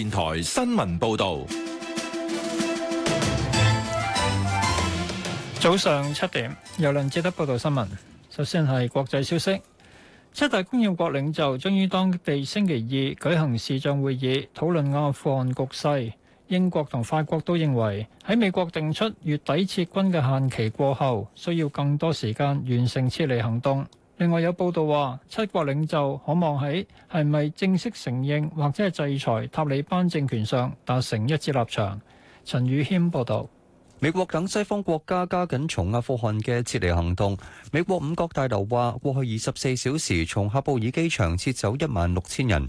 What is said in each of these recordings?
電台新聞報道，早上七點，由梁志德報道新聞。首先係國際消息，七大工業國領袖將於當地星期二舉行視像會議，討論阿富汗局勢。英國同法國都認為，喺美國定出月底撤軍嘅限期過後，需要更多時間完成撤離行動。另外有報道話，七國領袖可望喺係咪正式承認或者係制裁塔利班政權上達成一致立場。陳宇軒報導，美國等西方國家加緊從阿富汗嘅撤離行動。美國五角大樓話，過去二十四小時從喀布爾機場撤走一萬六千人。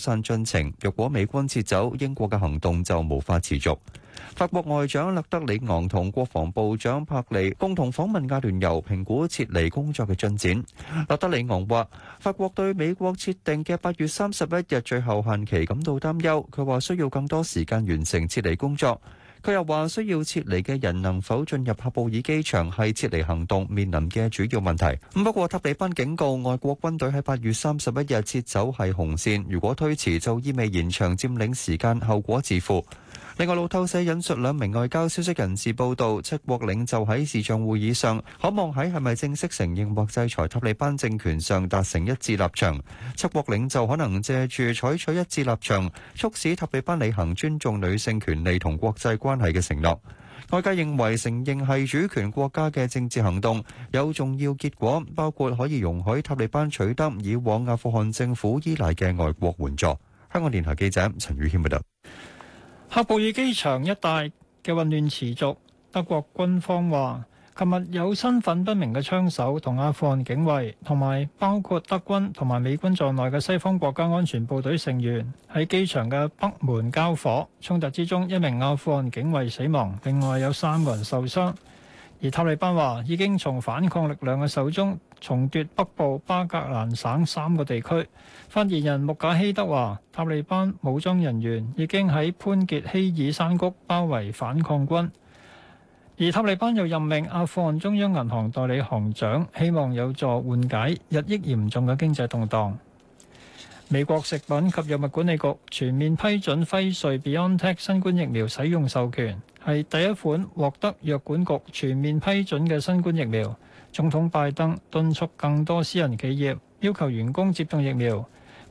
善進程，若果美軍撤走，英國嘅行動就無法持續。法國外長勒德里昂同國防部長帕尼共同訪問阿聯酋，評估撤離工作嘅進展。勒德里昂話：法國對美國設定嘅八月三十一日最後限期感到擔憂，佢話需要更多時間完成撤離工作。佢又話：需要撤離嘅人能否進入喀布爾機場，係撤離行動面臨嘅主要問題。不過塔利班警告，外國軍隊喺八月三十一日撤走係紅線，如果推遲就意味延長佔領時間，後果自負。另外，路透社引述兩名外交消息人士報道，七國領袖喺視像會議上，可望喺係咪正式承認或制裁塔利班政權上達成一致立場。七國領袖可能借住採取一致立場，促使塔利班履行尊重女性權利同國際關係嘅承諾。外界認為承認係主權國家嘅政治行動，有重要結果，包括可以容許塔利班取得以往阿富汗政府依賴嘅外國援助。香港電台記者陳宇軒報道。喀布爾機場一帶嘅混亂持續。德國軍方話，琴日有身份不明嘅槍手同阿富汗警衛，同埋包括德軍同埋美軍在內嘅西方國家安全部隊成員喺機場嘅北門交火衝突之中，一名阿富汗警衛死亡，另外有三個人受傷。而塔利班話已經從反抗力量嘅手中重奪北部巴格蘭省三個地區。發言人穆賈希德話：塔利班武裝人員已經喺潘傑希爾山谷包圍反抗軍。而塔利班又任命阿富汗中央銀行代理行長，希望有助緩解日益嚴重嘅經濟動盪。美國食品及藥物管理局全面批准輝瑞 BioNTech 新冠疫苗使用授權。係第一款獲得藥管局全面批准嘅新冠疫苗。總統拜登敦促更多私人企業要求員工接種疫苗，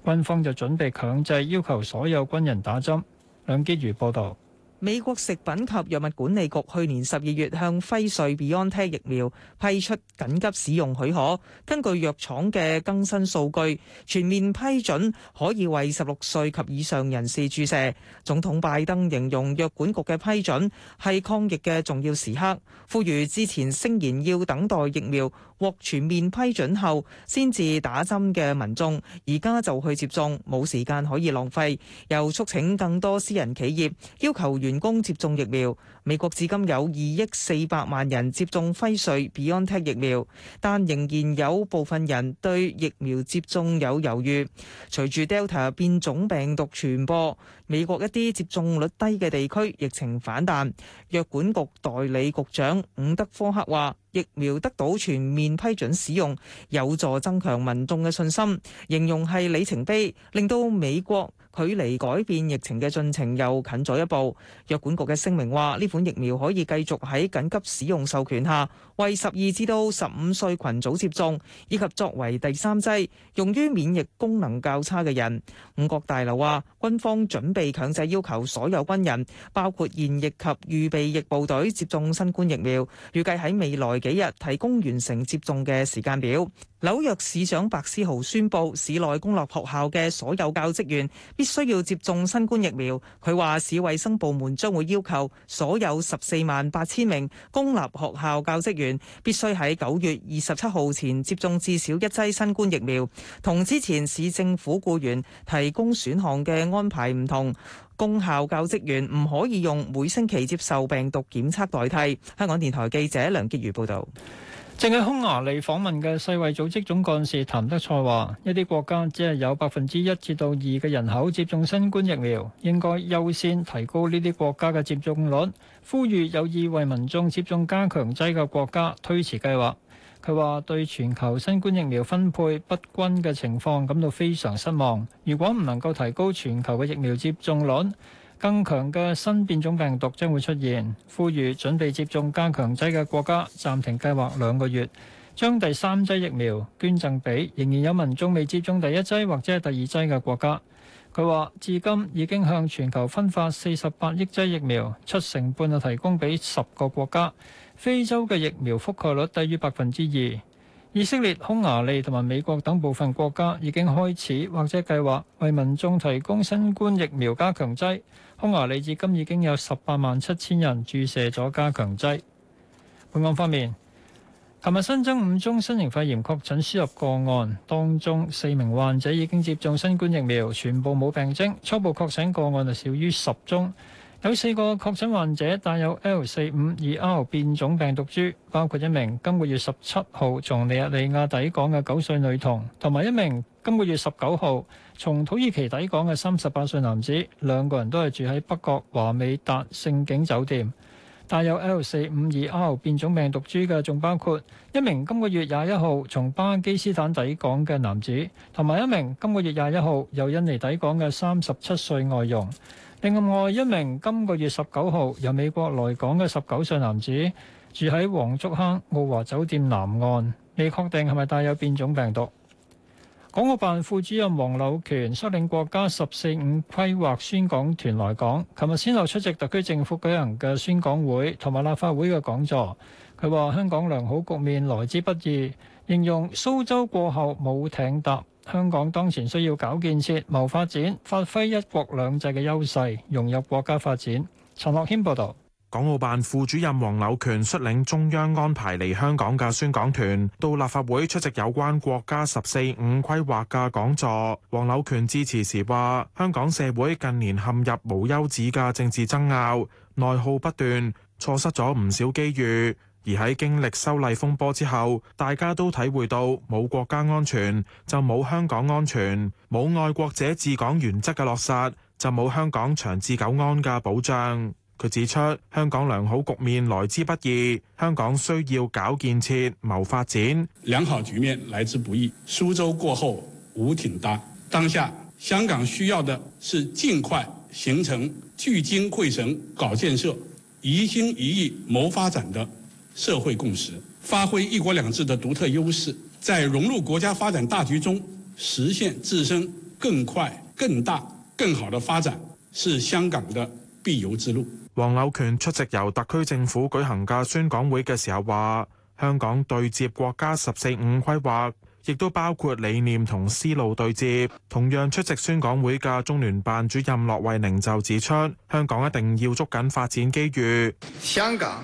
軍方就準備強制要求所有軍人打針。梁傑如報導。美國食品及藥物管理局去年十二月向輝瑞、BioNTech 疫苗批出緊急使用許可，根據藥廠嘅更新數據，全面批准可以為十六歲及以上人士注射。總統拜登形容藥管局嘅批准係抗疫嘅重要時刻，呼籲之前聲言要等待疫苗，獲全面批准後，先至打針嘅民眾，而家就去接種，冇時間可以浪費。又促請更多私人企業要求員工接種疫苗。美國至今有二億四百萬人接種輝瑞、BioNTech 疫苗，但仍然有部分人對疫苗接種有猶豫。隨住 Delta 變種病毒傳播，美國一啲接種率低嘅地區疫情反彈。藥管局代理局長伍德科克話。疫苗得到全面批准使用，有助增強民眾嘅信心，形容係里程碑，令到美國。距離改變疫情嘅進程又近咗一步。藥管局嘅聲明話，呢款疫苗可以繼續喺緊急使用授權下，為十二至到十五歲群組接種，以及作為第三劑，用於免疫功能較差嘅人。五角大樓話，軍方準備強制要求所有軍人，包括現役及預備役部隊接種新冠疫苗，預計喺未來幾日提供完成接種嘅時間表。紐約市長白思豪宣布，市內公立學校嘅所有教職員必須要接種新冠疫苗。佢話，市衛生部門將會要求所有十四萬八千名公立學校教職員必須喺九月二十七號前接種至少一劑新冠疫苗。同之前市政府雇員提供選項嘅安排唔同，公校教職員唔可以用每星期接受病毒檢測代替。香港電台記者梁潔如報導。正喺匈牙利訪問嘅世衛組織總幹事譚德賽話，一啲國家只係有百分之一至到二嘅人口接種新冠疫苗，應該優先提高呢啲國家嘅接種率，呼籲有意為民眾接種加強劑嘅國家推遲計劃。佢話對全球新冠疫苗分配不均嘅情況感到非常失望。如果唔能夠提高全球嘅疫苗接種率，更強嘅新變種病毒將會出現，呼籲準備接種加強劑嘅國家暫停計劃兩個月，將第三劑疫苗捐贈俾仍然有民眾未接種第一劑或者係第二劑嘅國家。佢話：至今已經向全球分發四十八億劑疫苗，七成半就提供俾十個國家，非洲嘅疫苗覆蓋率低於百分之二。以色列、匈牙利同埋美國等部分國家已經開始或者計劃為民眾提供新冠疫苗加強劑，匈牙利至今已經有十八萬七千人注射咗加強劑。本港方面，琴日新增五宗新型肺炎確診輸入個案，當中四名患者已經接種新冠疫苗，全部冇病徵，初步確診個案就少於十宗。有四個確診患者帶有 L 四五二 R 變種病毒株，包括一名今個月十七號從尼日利亞抵港嘅九歲女童，同埋一名今個月十九號從土耳其抵港嘅三十八歲男子。兩個人都係住喺北角華美達盛景酒店。帶有 L 四五二 R 變種病毒株嘅，仲包括一名今個月廿一號從巴基斯坦抵港嘅男子，同埋一名今個月廿一號由印尼抵港嘅三十七歲外傭。另外一名今個月十九號由美國來港嘅十九歲男子，住喺黃竹坑奧華酒店南岸，未確定係咪帶有變種病毒。港澳辦副主任黃柳權率領國家十四五規劃宣講團來港，琴日先後出席特區政府舉行嘅宣講會同埋立法會嘅講座。佢話：香港良好局面來之不易，形容蘇州過後冇艇搭。香港當前需要搞建設、謀發展，發揮一國兩制嘅優勢，融入國家發展。陳樂謙報導，港澳辦副主任黃柳權率領中央安排嚟香港嘅宣講團到立法會出席有關國家十四五規劃嘅講座。黃柳權致辭時話：香港社會近年陷入無休止嘅政治爭拗，內耗不斷，錯失咗唔少機遇。而喺經歷修例風波之後，大家都體會到冇國家安全就冇香港安全，冇愛國者治港原則嘅落實就冇香港長治久安嘅保障。佢指出，香港良好局面來之不易，香港需要搞建設、謀發展。良好局面來之不易，蘇州過後無艇搭。當下香港需要的是盡快形成聚精會神搞建設、一心一意謀發展的。社會共識，發揮一國兩制的獨特優勢，在融入國家發展大局中，實現自身更快、更大、更好的發展，是香港的必由之路。黃柳權出席由特區政府舉行嘅宣講會嘅時候話，香港對接國家十四五規劃，亦都包括理念同思路對接。同樣出席宣講會嘅中聯辦主任駱惠寧就指出，香港一定要捉緊發展機遇。香港。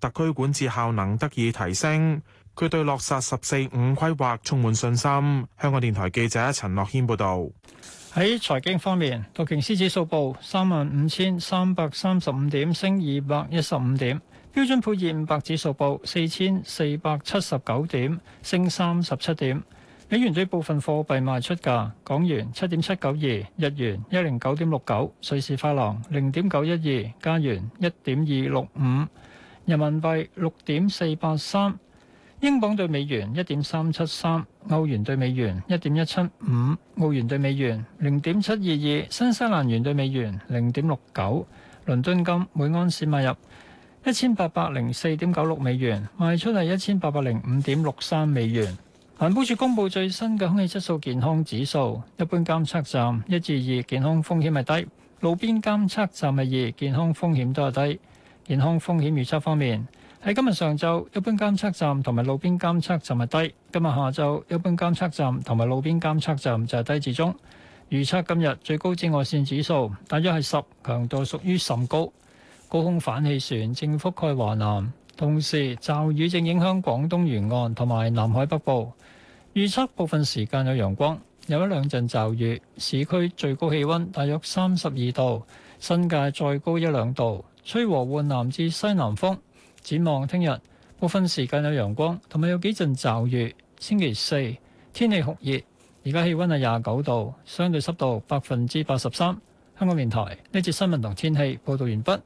特區管治效能得以提升，佢對落實十四五規劃充滿信心。香港電台記者陳樂軒報導。喺財經方面，道瓊斯指數報三萬五千三百三十五點，升二百一十五點；標準普爾五百指數報四千四百七十九點，升三十七點。美元對部分貨幣賣出價：港元七點七九二，日元一零九點六九，瑞士法郎零點九一二，加元一點二六五。人民幣六點四八三，英鎊對美元一點三七三，歐元對美元一點一七五，澳元對美元零點七二二，新西蘭元對美元零點六九。倫敦金每安士買入一千八百零四點九六美元，賣出係一千八百零五點六三美元。環保署公布最新嘅空氣質素健康指數，一般監測站一至二健康風險係低，路邊監測站係二健康風險都係低。健康風險預測方面，喺今日上晝一般監測站同埋路邊監測站係低；今日下晝一般監測站同埋路邊監測站就係低至中。預測今日最高紫外線指數大約係十，強度屬於甚高。高空反氣旋正覆蓋華南，同時驟雨正影響廣東沿岸同埋南海北部。預測部分時間有陽光，有一兩陣驟雨。市區最高氣溫大約三十二度，新界再高一兩度。吹和緩南至西南風。展望聽日，部分時間有陽光，同埋有幾陣驟雨。星期四天氣酷熱，而家氣温係廿九度，相對濕度百分之八十三。香港電台呢節新聞同天氣報道完畢。